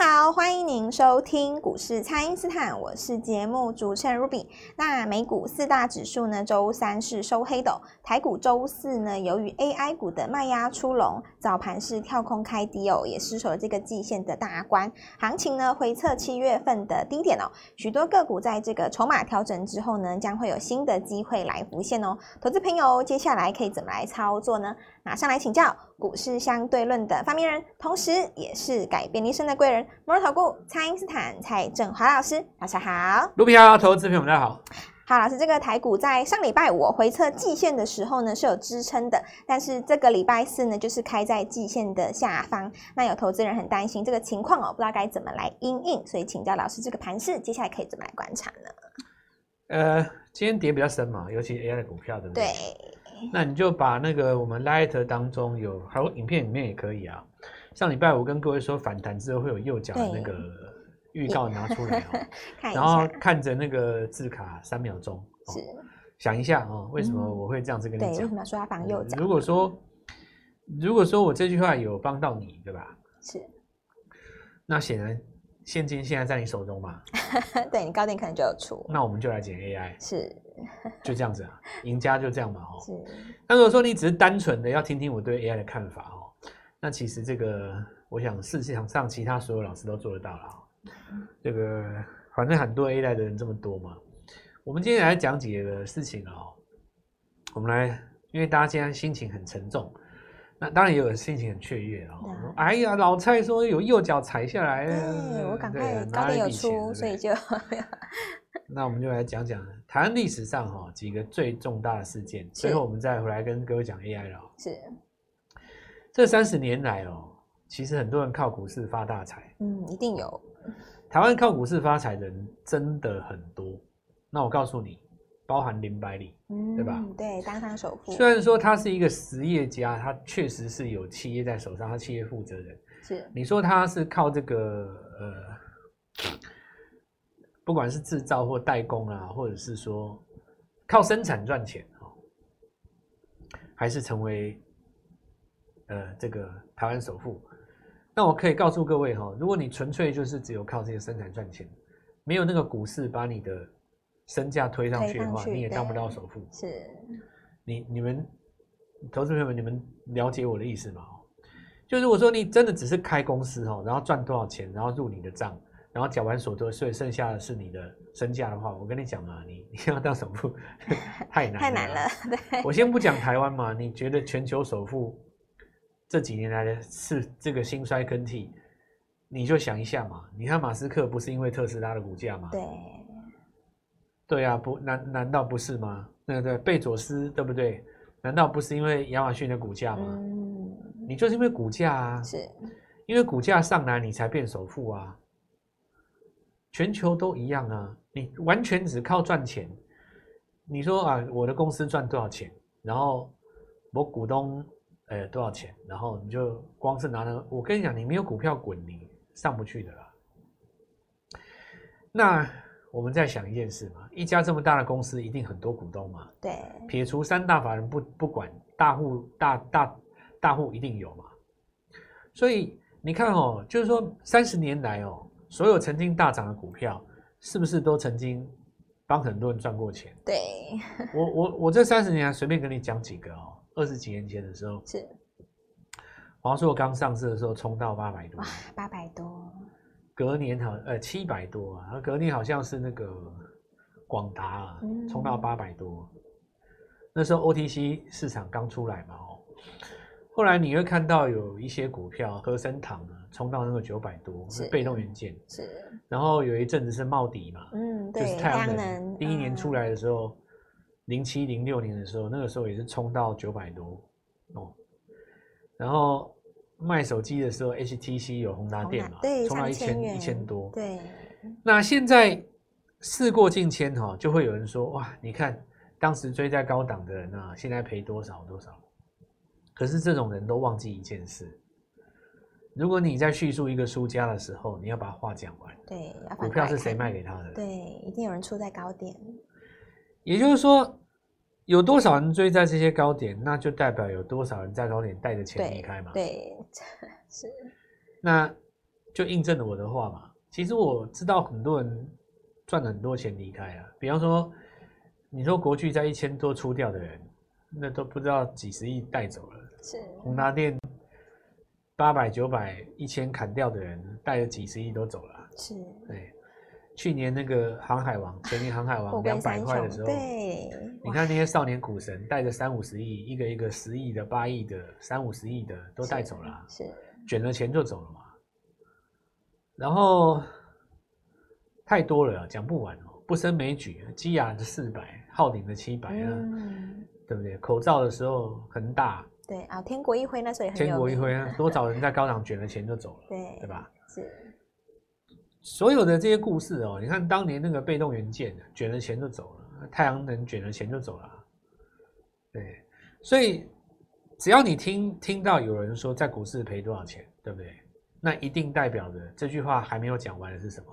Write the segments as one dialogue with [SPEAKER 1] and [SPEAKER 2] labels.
[SPEAKER 1] 好，歡迎您收聽股市蔡因斯坦，我是節目主持人 Ruby。那美股四大指數呢，周三是收黑斗，台股周四呢，由於 AI 股的賣壓出籠，早盤是跳空開低哦，也失守了這個季線的大關，行情呢回測七月份的低點哦，許多個股在這個籌碼調整之後呢，將會有新的機會來浮現哦。投資朋友接下來可以怎麼來操作呢？馬上來請教股市相對論的發明人，同時也是改變一生的貴人。摩爾投顧蔡因斯坦、蔡正華老師，大家好。
[SPEAKER 2] 盧比亞，投資朋友大家好。
[SPEAKER 1] 好，老師，這個台股在上禮拜五回測季線的時候呢，是有支撐的，但是這個禮拜四呢，就是開在季線的下方。那有投資人很擔心這個情況哦、喔，不知道該怎麼來因應，所以請教老師，這個盤勢接下來可以怎麼來觀察呢？呃，
[SPEAKER 2] 今天跌比較深嘛，尤其 AI 的股票對不對？
[SPEAKER 1] 對。那
[SPEAKER 2] 你就把那個我們 Light 當中有，還有影片裡面也可以啊。上禮拜我跟各位說，反彈之後會有右腳的那個預告拿出來哦，
[SPEAKER 1] 然後
[SPEAKER 2] 看着那個字卡三秒鐘，是想一下哦，為什麼我會這樣子跟你講？對，為什
[SPEAKER 1] 麼要說它反右腳？如
[SPEAKER 2] 果說，如果說我這句話有幫到你，對吧？是，那顯然現金現在在你手中嘛，
[SPEAKER 1] 對你高點可能就有出。
[SPEAKER 2] 那我們就來撿 AI，是，就這樣子啊，贏家就這樣嘛，
[SPEAKER 1] 哦，是。
[SPEAKER 2] 那如果說你只是單純的要聽聽我對 AI 的看法。那其實這個，我想市場上其他所有老師都做得到了，喔嗯。這個反正很多 AI 的人這麼多嘛，我們今天來講幾個事情哦，喔，我們來，因為大家今天心情很沉重，那當然也有心情很雀躍啊。哎呀，老蔡說有右腳踩下來了，嗯啊，我趕快出、啊、拿一有錢，所以就。那我們就來講講台灣歷史上哈、喔、幾個最重大的事件，最後我們再回來跟各位講 AI 了，喔。是。這三十年來哦、喔，其實很多人靠股市發大財。
[SPEAKER 1] 嗯，一定有。
[SPEAKER 2] 台灣靠股市發財的人真的很多。那我告訴你，包含林百里，嗯、
[SPEAKER 1] 對吧？對，當上首富。雖然說
[SPEAKER 2] 他是一個實業家，他確實是有企業在手上，他企業負責人。是。你說他是靠這個呃，不管是制造或代工啊，或者是說靠生產賺錢啊、喔，還是成為？呃，這個台灣首富，那我可以告訴各位哈、喔，如果你純粹就是只有靠這些生產賺錢，沒有那個股市把你的身價推上去的話去，你也當不到首富。
[SPEAKER 1] 是，
[SPEAKER 2] 你你們投資朋友們，你們了解我的意思嗎？就是如果說你真的只是開公司、喔、然後賺多少錢，然後入你的賬，然後繳完所得稅，剩下的是你的身價的話，我跟你講啊，你你要當首富 太難、啊、太難
[SPEAKER 1] 了。我先不
[SPEAKER 2] 講台灣嘛，你覺得全球首富？這幾年來的是這個興衰更替，你就想一下嘛。你看馬斯克不是因為特斯拉的股價嗎？對，對啊，不難，難道不是嗎？那個貝佐斯對不對？難道不是因為亞馬遜的股價嗎？嗯，你就是因為股價啊，是因為股價上來你才變首富啊。全球都一樣啊，你完全只靠賺錢。你說啊，我的公司賺多少錢，然後我股東。呃，多少錢？然後你就光是拿着，我跟你講，你沒有股票滾，你上不去的啦。那我們再想一件事嘛，一家這麼大的公司，一定很多股東嘛。
[SPEAKER 1] 對。撇
[SPEAKER 2] 除三大法人不不管，大戶大大大戶一定有嘛。所以你看哦，就是說三十年來哦，所有曾經大漲的股票，是不是都曾經幫很多人賺過錢？
[SPEAKER 1] 對。
[SPEAKER 2] 我我我這三十年來隨便跟你講幾個哦。二十幾年前的時候，是華碩剛上市的時候，衝到八百多，八百多。隔年好像呃七百多啊，然後隔年好像是那個廣達衝到八百多。那時候 OTC 市場剛出來嘛哦，後來你會看到有一些股票，禾伸堂啊，衝到那個九百多，是被動元件是。然後有一陣子是茂迪嘛，
[SPEAKER 1] 嗯對，就是、太陽能，能第
[SPEAKER 2] 一年出來的時候。嗯零七零六年的時候，那個時候也是衝到九百多哦，然後賣手機的時候，HTC 有宏達電嘛，衝到一千一千多。對，那現在事過境遷哈、哦，就會有人說哇，你看當時追在高檔的人啊，現在賠多少多少。可是這種人都忘記一件事，如果你在敘述一個輸家的時候，你要把話講完。
[SPEAKER 1] 對，股
[SPEAKER 2] 票是誰賣給他的？
[SPEAKER 1] 對，一定有人出在高點。
[SPEAKER 2] 也就是說，有多少人追在這些高點，那就代表有多少人在高點帶着錢離開
[SPEAKER 1] 嘛。對，對，是。
[SPEAKER 2] 那就印證了我的話嘛。其實我知道很多人賺了很多錢離開啊。比方說，你說國巨在一千多出掉的人，那都不知道幾十億帶走了。是。宏達電八百、九百、一千砍掉的人，帶着幾十億都走了。是。對。去年那個《航海王》，前年《航海王》兩百塊的時候，對，你看那些少年股神帶着三五十億，一個一個十億的、八億的、三五十億的都帶走了、啊，是捲了錢就走了嘛。然後太多了、啊，講不完、喔，不勝枚舉。基亞的四百，浩鼎的七百啊，對不對？口罩的時候很大，恆大
[SPEAKER 1] 對啊，天國一輝那所以。天國一
[SPEAKER 2] 揮啊，多少人在高檔捲了錢就走
[SPEAKER 1] 了，對對吧？是。
[SPEAKER 2] 所有的這些故事哦，你看當年那個被動元件卷了錢就走了，太陽能卷了錢就走了啊，對，所以只要你聽聽到有人說在股市賠多少錢，對不對？那一定代表着這句話還沒有講完的是什麼？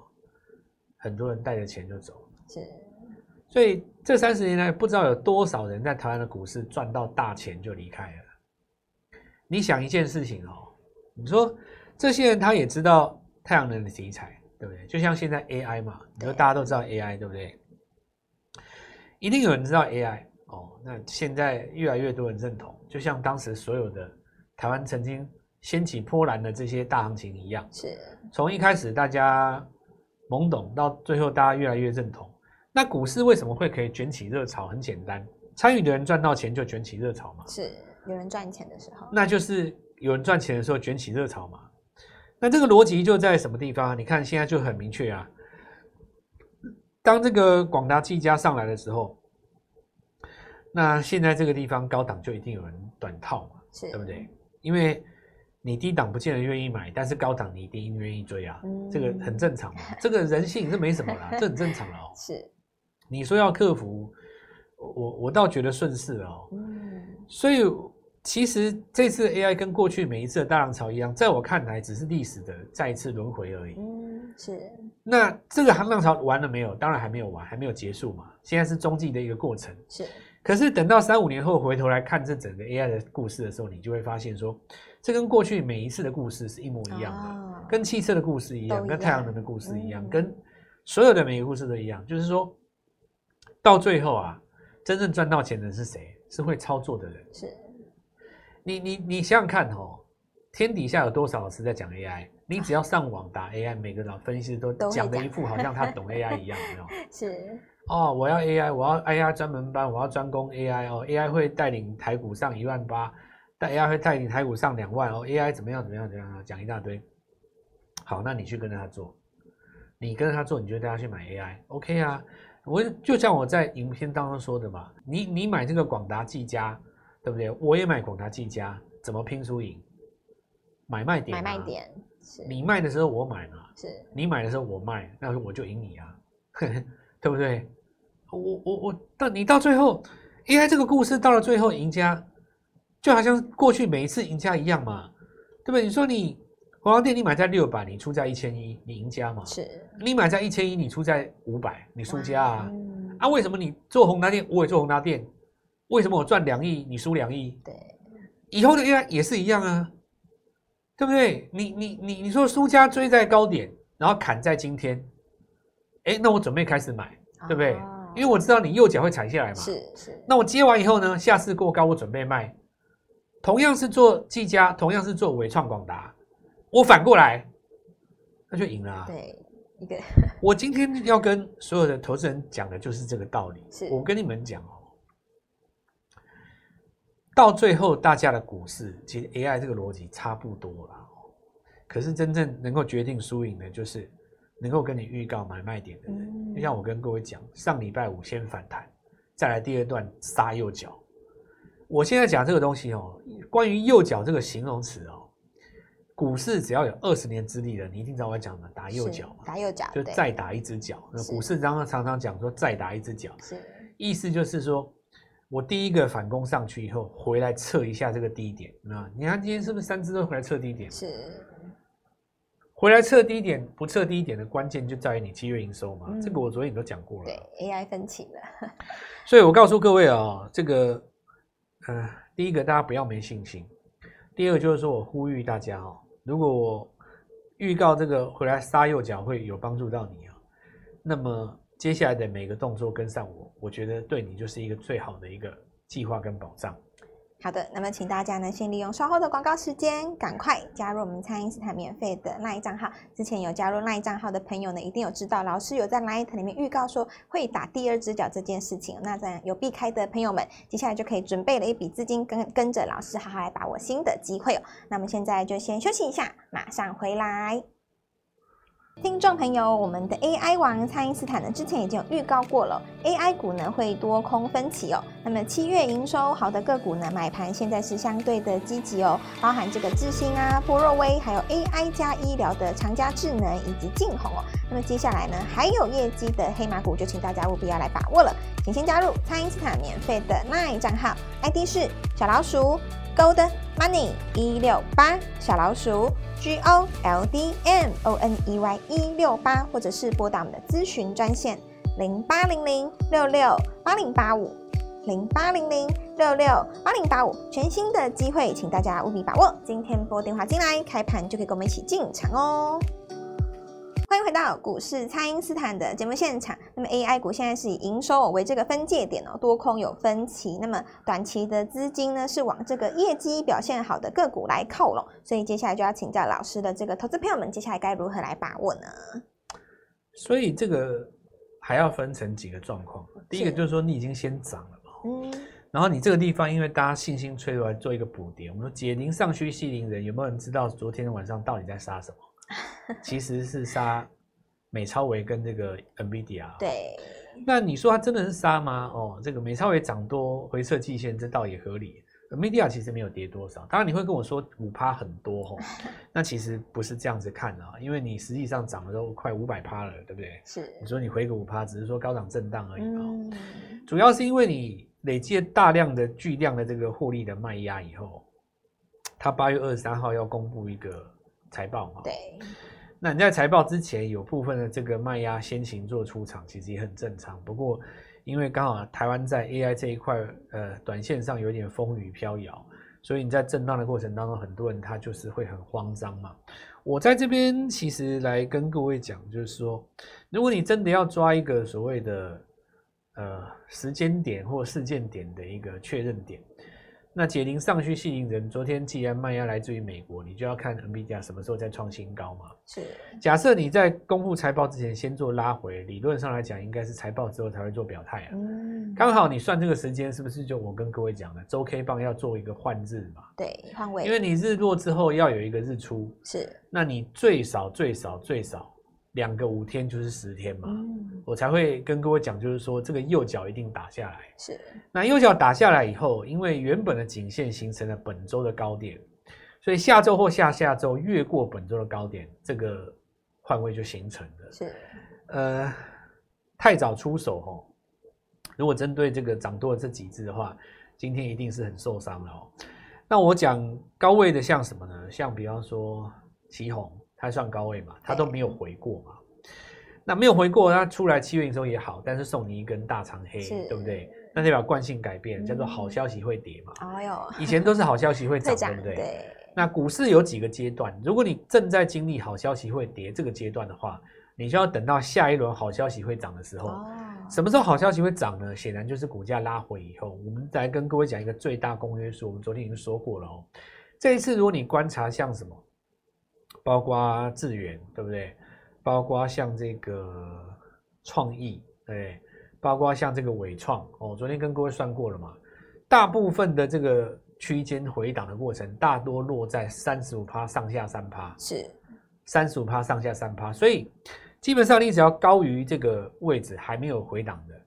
[SPEAKER 2] 很多人帶着錢就走了。是，所以這三十年來，不知道有多少人在台灣的股市賺到大錢就離開了。你想一件事情哦，你說這些人他也知道太陽能的題材。對不對？就像現在 AI 嘛，你說大家都知道 AI，對，對不對？一定有人知道 AI 哦。那現在越來越多人認同，就像當時所有的台灣曾經掀起波瀾的這些大行情一樣，是。從一開始大家懵懂，到最後大家越來越認同。那股市為什麼會可以捲起熱潮？很簡單，參與的人賺到錢就捲起熱潮嘛。
[SPEAKER 1] 是有人賺錢的時候。那
[SPEAKER 2] 就是有人賺錢的時候捲起熱潮嘛。那這個邏輯就在什麼地方？你看現在就很明確啊。當這個廣達技嘉上來的時候，那現在這個地方高檔就一定有人短套嘛，對不對？因為你低檔不見得願意買，但是高檔你一定願意追啊、嗯，這個很正常嘛。這個人性是沒什麼啦、啊， 這很正常了哦。是，你說要克服，我我倒覺得順勢哦。嗯，所以。其實這次 A I 跟過去每一次的大浪潮一樣，在我看來只是歷史的再一次輪迴而已。嗯，
[SPEAKER 1] 是。
[SPEAKER 2] 那這個浪浪潮完了沒有？當然還沒有完，還沒有結束嘛。現在是中繼的一個過程。是。可是等到三五年後回頭來看這整個 A I 的故事的時候，你就會發現說，這跟過去每一次的故事是一模一樣的，啊、跟汽車的故事一樣，一樣跟太陽能的故事一樣、嗯，跟所有的每一個故事都一樣。就是說到最後啊，真正賺到錢的是誰？是會操作的人。是。你你你想想看哦、喔，天底下有多少老師在講 AI？你只要上網打 AI、啊、每個老分析師都講的一副好像他懂 AI 一樣， 是哦，我要 AI，我要 AI 專門班，我要專攻 AI 哦，AI 會帶領台股上一萬八，但 AI 會帶領台股上兩萬哦，AI 怎麼樣怎麼樣怎麼樣講一大堆。好，那你去跟着他做，你跟着他做，你就帶他去買 AI，OK、OK、啊？我就像我在影片當中說的嘛，你你買這個廣達技嘉，對不對？我也買廣達技嘉，怎麼拼輸贏？買賣點，買賣
[SPEAKER 1] 點是。
[SPEAKER 2] 你賣的時候我買嘛？是你買的時候我賣，那我就贏你啊呵呵，對不對？我我我到你到最後，因、欸、為這個故事到了最後贏家，贏家就好像過去每一次贏家一樣嘛，對不對？你說你宏達電，你買在六百，你出價一千一，你贏家嘛？是。你買在一千一，你出價五百，你輸家啊、嗯？啊，為什麼你做宏達電，我也做宏達電。為什麼我賺兩億，你輸兩億？對，以後的 AI 也是一樣啊，對不對？你你你你說，輸家追在高點，然後砍在今天，哎、欸，那我準備開始買，對不對？啊、因為我知道你右腳會踩下來嘛。是是。那我接完以後呢，下次過高我準備賣，同樣是做技嘉，同樣是做緯創廣達，我反過來，那就贏了、啊。對，一個。我今天要跟所有的投資人講的就是這個道理。是。我跟你們講哦。到最後，大家的股市其實 AI 這個邏輯差不多了。可是真正能夠決定輸贏的，就是能夠跟你預告買賣點的人。嗯嗯，就像我跟各位講，上禮拜五先反彈，再來第二段殺右腳。我現在講這個東西哦、喔，關於右腳這個形容詞哦、喔，股市只要有二十年之力的，你一定知道我講的打右腳
[SPEAKER 1] 嘛？打右腳，就再
[SPEAKER 2] 打一隻腳。那股市常常常常講說再打一隻腳，意思就是說。我第一個反攻上去以後，回來測一下這個低點。那你看今天是不是三隻都回來測低點？是。回來測低點，不測低點的關鍵就在於你七月營收嘛、嗯。這個我昨天都講過了。
[SPEAKER 1] 對，AI 分歧了。
[SPEAKER 2] 所以我告訴各位啊、喔，這個，嗯、呃，第一個大家不要沒信心。第二個就是說我呼籲大家哦、喔，如果我預告這個回來殺右腳會有幫助到你啊、喔，那麼。接下來的每個動作跟上我，我覺得對你就是一個最好的一個計劃跟保障。
[SPEAKER 1] 好的，那麼請大家呢，先利用稍後的廣告時間，趕快加入我們蔡因斯坦免費的 LINE 帳號。之前有加入 LINE 帳號的朋友呢，一定有知道老師有在 LINE 裡面預告說會打第二隻腳這件事情。那這樣有避開的朋友們，接下來就可以準備了一筆資金跟，跟跟着老師好好來把握新的機會。那麼現在就先休息一下，馬上回來。聽眾朋友，我們的 AI 王，蔡因斯坦呢，之前已經有預告過了，AI 股呢，會多空分歧哦。那麼七月營收好的個股呢，買盤現在是相對的積極哦，包含這個智新啊、波若威，還有 AI 加醫療的長佳智能以及淨紅哦。那麼接下來呢，還有業績的黑馬股，就請大家務必要來把握了，請先加入蔡因斯坦免費的 LINE 賬號，ID 是小老鼠。Gold Money 一六八小老鼠 G O L D M O N E Y 一六八，或者是撥打我們的諮詢專線零八零零六六八零八五零八零零六六八零八五，8085, 8085, 8085，全新的機會，請大家務必把握。今天撥電話進來，開盤就可以跟我們一起進場哦。歡迎回到股市，蔡因斯坦的節目現場。那麼 AI 股現在是以營收為這個分界點哦，多空有分歧。那麼短期的資金呢，是往這個業績表現好的個股來靠攏，所以接下來就要請教老師的這個投資朋友們，接下來該如何來把握呢？
[SPEAKER 2] 所以這個還要分成幾個狀況。第一個就是說你已經先漲了
[SPEAKER 1] 嘛，嗯，
[SPEAKER 2] 然後你這個地方因為大家信心脆弱，做一個補跌。我們說解鈴尚需繫鈴人，有沒有人知道昨天晚上到底在殺什麼？ 其實是殺美超微跟這個 Nvidia、喔、對。那你說它真的是殺嗎？哦、喔，這個美超微漲多回撤季線，這倒也合理。Nvidia 其實沒有跌多少，當然你會跟我說五趴很多、喔、 那其實不是這樣子看的、喔，因為你實際上漲了都快五百趴了，對不對？是。你說你回個五趴，只是說高漲震盪而已啊、喔嗯。主要是因為你累積大量的巨量的這個獲利的賣壓以後，它八月二十三號要公布一個。財報嘛，對。那你在財報之前有部分的這個賣壓先行做出場，其實也很正常。不過，因為剛好台灣在 AI 這一塊，呃，短線上有點風雨飄搖，所以你在震盪的過程當中，很多人他就是會很慌張嘛。我在這邊其實來跟各位講，就是說，如果你真的要抓一個所謂的呃時間點或事件點的一個確認點。那解鈴尚需繫鈴人。昨天既然賣壓來自於美國，你就要看 NVIDIA 什麼時候再創新高嘛？是。假設你在公布財報之前先做拉回，理論上來講，應該是財報之後才會做表態啊。嗯。剛好你算這個時間，是不是就我跟各位講的周 K 棒要做一個換日嘛？
[SPEAKER 1] 對，換位。因為你日
[SPEAKER 2] 落之後要有一個日出。是。那你最少最少最少。兩個五天就是十天嘛，嗯，我才會跟各位講，就是說這個右腳一定打下來。是，那右腳打下來以後，因為原本的頸線形成了本周的高點，所以下周或下下周越過本周的高點，這個換位就形成
[SPEAKER 1] 的。是，
[SPEAKER 2] 呃，太早出手哦。如果針對這個漲多的這幾隻的話，今天一定是很受傷了，哦。那我講高位的像什麼呢？像比方說奇鋐。還算高位嘛，它都沒有回過嘛。那沒有回過，它出來七月的時候也好，但是送你一根大長黑，對不對？那代表慣性改變，嗯、叫做好消息會跌嘛。
[SPEAKER 1] 哦、哎、呦，以
[SPEAKER 2] 前都是好消息會漲，對不對？對。那股市有幾個階段，如果你正在經歷好消息會跌這個階段的話，你就要等到下一輪好消息會漲的時候、哦。什麼時候好消息會漲呢？顯然就是股價拉回以後。我們來跟各位講一個最大公約數。我們昨天已經說過了哦。這一次，如果你觀察像什麼？包括智原，對不對？包括像這個創意，對、對，包括像這個偉創，我、哦、昨天跟各位算過了嘛，大部分的這個區間回檔的過程，大多落在三十五趴上下三趴，是三十五趴上下三趴，所以基本上你只要高於這個位置還沒有回檔的，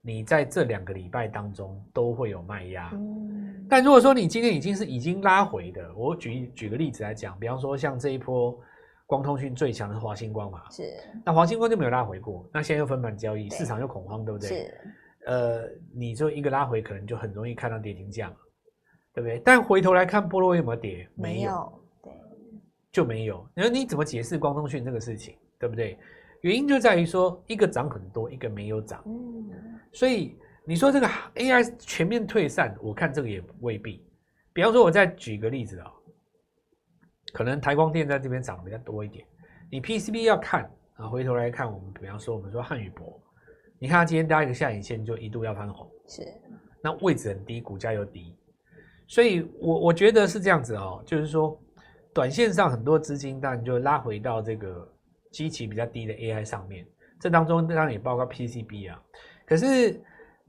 [SPEAKER 2] 你在這兩個禮拜當中都會有賣壓。嗯但如果說你今天已經是已經拉回的，我舉舉個例子來講，比方說像這一波光通訊最強的是華星光嘛，是，那華星光就沒有拉回過，那現在又分盤交易，市場又恐慌，對不對？是，呃，你就一個拉回，可能就很容易看到跌停價，對不對？但回頭來看波若威有沒有跌？沒有？沒有，對，就沒有。你你怎麼解釋光通訊這個事情，對不對？原因就在於說一個漲很多，一個沒有漲，嗯，所以。你說這個 AI 全面退散，我看這個也未必。比方說，我再舉個例子啊、哦，可能台光電在這邊漲得比較多一點。你 PCB 要看啊，回頭來看，我們比方說，我們說瀚宇博，你看他今天搭一個下影線，就一度要翻紅，是那位置很低，股價又低，所以我我覺得是這樣子哦，就是說，短線上很多資金當然就拉回到這個基期比較低的 AI 上面，這當中當然也包括 PCB 啊，可是。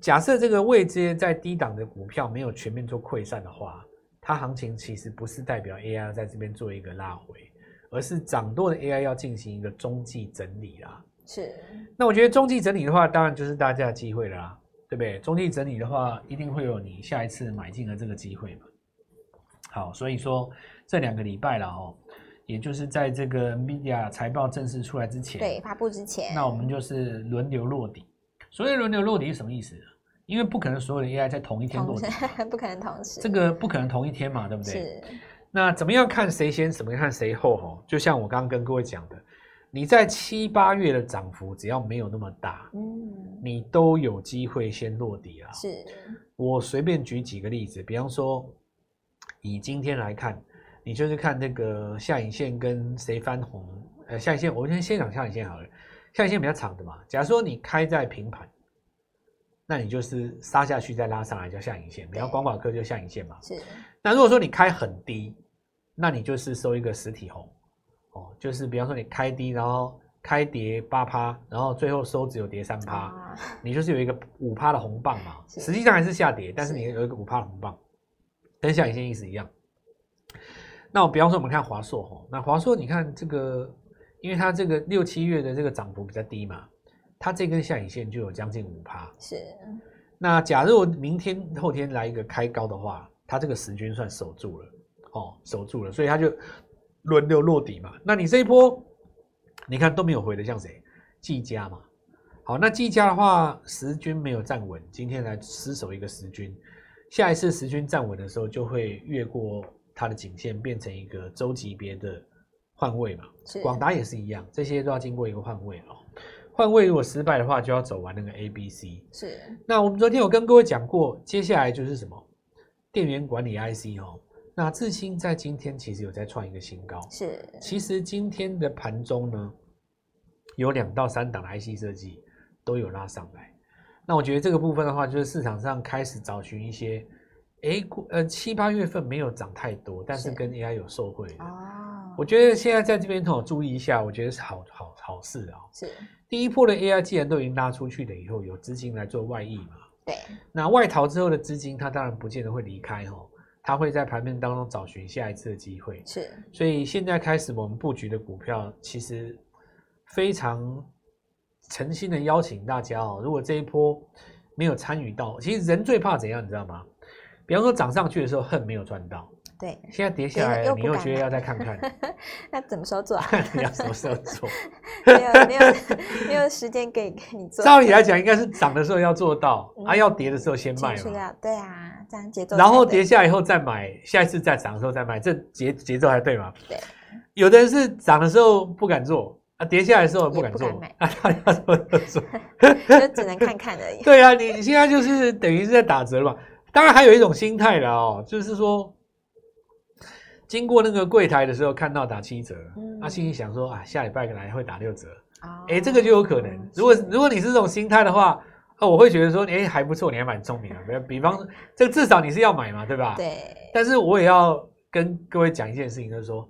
[SPEAKER 2] 假設這個位階在低檔的股票沒有全面做潰散的話，它，行情其實不是代表 AI 在這邊做一個拉回，而是漲多的 AI 要進行一個中繼整理啦。是，那我覺得中繼整理的話，當然就是大家的機會了啦，對不對？中繼整理的話，一定會有你下一次買進的這個機會嘛。好，所以說這兩個禮拜了哦，也就是在這個 NVIDIA 財報正式出來之前，
[SPEAKER 1] 對，發布之前，
[SPEAKER 2] 那我們就是輪流落底。所謂輪流落底是什麼意思？因為不可能所有人應該在同一天落
[SPEAKER 1] 底，不可能同時，這個
[SPEAKER 2] 不可能同一天嘛，對不對？是。那怎麼樣看誰先，怎麼樣看誰後？哦，就像我剛剛跟各位講的，你在七八月的漲幅只要沒有那麼大，嗯，你都有機會先落底
[SPEAKER 1] 啊。是。
[SPEAKER 2] 我隨便舉幾個例子，比方說，以今天來看，你就是看那個下影線跟誰翻紅，呃，下影線，我先先講下影線好了，下影線比較長的嘛。假如說你開在平盤。那你就是殺下去再拉上來叫下影線，比方光管科就下影線嘛。是。那如果說你開很低，那你就是收一個實體紅，哦，就是比方說你開低，然後開跌八趴，然後最後收只有跌三趴，啊，你就是有一個五趴的紅棒嘛。是。實際上還是下跌，但是你也有一個五趴的紅棒，跟下影線意思一樣。那我比方說我們看華碩吼，那華碩你看這個，因為它這個六七月的這個漲幅比較低嘛。它這根下影線就有將近五趴，是。那假如明天後天來一個開高的話，它這個十均算守住了，哦，守住了，所以它就輪流落底嘛。那你這一波，你看都沒有回的，像誰？技嘉嘛。好，那技嘉的話，十均沒有站穩，今天來失守一個十均，下一次十均站穩的時候，就會越過它的頸線，變成一個周級別的換位嘛。廣達也是一樣，這些都要經過一個換位哦。換位如果失敗的話，就要走完那個 A、B、C。是。那我們昨天有跟各位講過，接下來就是什麼電源管理 IC 哦。那致新在今天其實有在創一個新高。是。其實今天的盤中呢，有兩到三檔的 IC 設計都有拉上來。那我覺得這個部分的話，就是市場上開始找尋一些，哎、欸，呃，七八月份沒有漲太多，但是跟 AI 有受惠的。我覺得現在在這邊哦，注意一下，我覺得是好好好，好事啊。是，第一波的 AI 既然都已經拉出去了，以後有資金來做外溢嘛。
[SPEAKER 1] 對。
[SPEAKER 2] 那外逃之後的資金，它當然不見得會離開哦，它會在盤面當中找尋下一次的機會。是。所以現在開始我們布局的股票，其實非常誠心的邀請大家哦。如果這一波沒有參與到，其實人最怕怎樣，你知道嗎？比方說漲上去的時候，恨沒有賺到。
[SPEAKER 1] 對，現在跌下來跌，你又覺得要再看看， 那怎麼時候做啊？ 你要什麼時候
[SPEAKER 2] 做？ 沒有沒有沒有時間給
[SPEAKER 1] 你做。照理來講， 應該
[SPEAKER 2] 是漲的時候要做到，嗯，啊，要跌的時候先賣嘛。對啊，這
[SPEAKER 1] 樣節奏。然後跌下以後
[SPEAKER 2] 再買，下一次再漲的時候再買，這節節奏還對嗎？對。有的人是漲的時候不敢做啊，跌下來的時候不敢做，嗯、敢啊，大家怎麼都做？ 就只能看看而已。對啊，你現在就是等於是在打折了嘛。 當然還有一種心態啦，喔，哦，就是說。經過那個櫃檯的時候，看到打七折，他、嗯啊、心裡想說：“啊，下禮拜來會打六折，哎、啊欸，這個就有可能。嗯、如果如果你是這種心態的話，啊，我會覺得說，哎、欸，還不錯，你還蠻聰明的。比比方，這個、至少你是要買嘛，對吧？
[SPEAKER 1] 對。
[SPEAKER 2] 但是我也要跟各位講一件事情，就是說，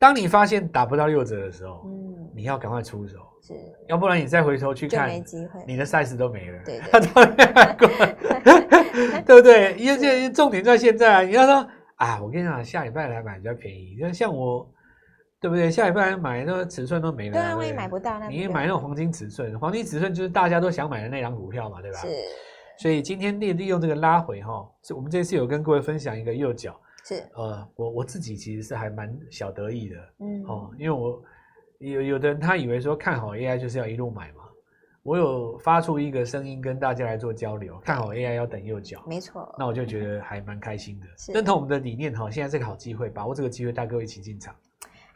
[SPEAKER 2] 當你發現打不到六折的時候，嗯，你要趕快出手，是，要不然你再回頭去看，你的 s 你的 size 都沒了，對對，對。 還過 對不對，對？因為這重點在現在、啊，你要說。啊，我跟你講，下禮拜來買比較便宜。像像我，對不對？下禮拜買的那尺寸都沒了。對對，因為我也買
[SPEAKER 1] 不到那個。你也買
[SPEAKER 2] 那種黃金尺寸，黃金尺寸就是大家都想買的那張股票嘛，對吧？是。所以今天利利用這個拉回哈，我們這次有跟各位分享一個右腳。是。呃，我我自己其實是還蠻小得意的。嗯。哦，因為我有有的人他以為說看好 AI 就是要一路買嘛。我有發出一個聲音跟大家來做交流，看好 AI 要等右腳，沒錯，那我就覺得還蠻開心的，認同我們的理念哈，現在是個好機會，把握這個機會帶各位一起進
[SPEAKER 1] 場。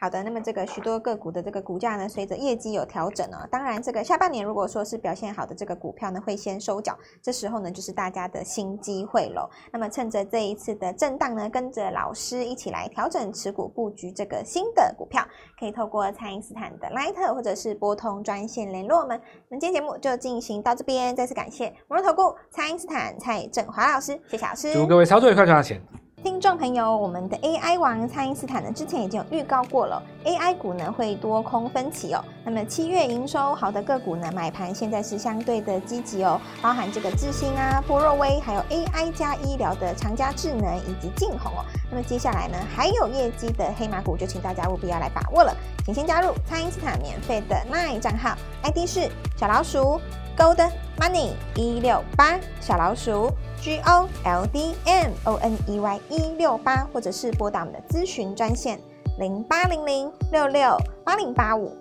[SPEAKER 1] 好的，那麼這個許多個股的這個股價呢，隨着業績有調整呢，哦，當然這個下半年如果說是表現好的這個股票呢，會先收腳，這時候呢就是大家的新機會嘍。那麼趁着這一次的震盪呢，跟着老師一起來調整持股布局，這個新的股票可以透過蔡因斯坦的 Line 或者是撥通專線聯絡我們。那麼今天節目就進行到這邊，再次感謝摩爾投顧蔡因斯坦、蔡正華老師、謝謝老師，祝各位操
[SPEAKER 2] 作愉快，賺到錢。
[SPEAKER 1] 聽眾朋友，我們的 AI 王蔡因斯坦呢，之前已經有預告過了，AI 股呢會多空分歧哦。那麼七月營收好的個股呢，買盤現在是相對的積極哦，包含這個智新啊、波若威，還有 AI 加醫療的長佳智能以及淨紅哦。那麼接下來呢，還有業績的黑馬股，就請大家務必要來把握了，請先加入蔡因斯坦免費的 LINE 賬號，ID 是小老鼠。Gold Money 一六八，小老鼠 G O L D M O N E Y 一六八，或者是撥打我們的諮詢專線零八零零六六八零八五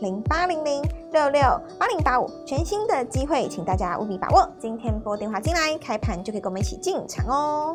[SPEAKER 1] 零八零零六六八零八五，全新的機會，請大家務必把握。今天撥電話進來，開盤就可以跟我們一起進場哦。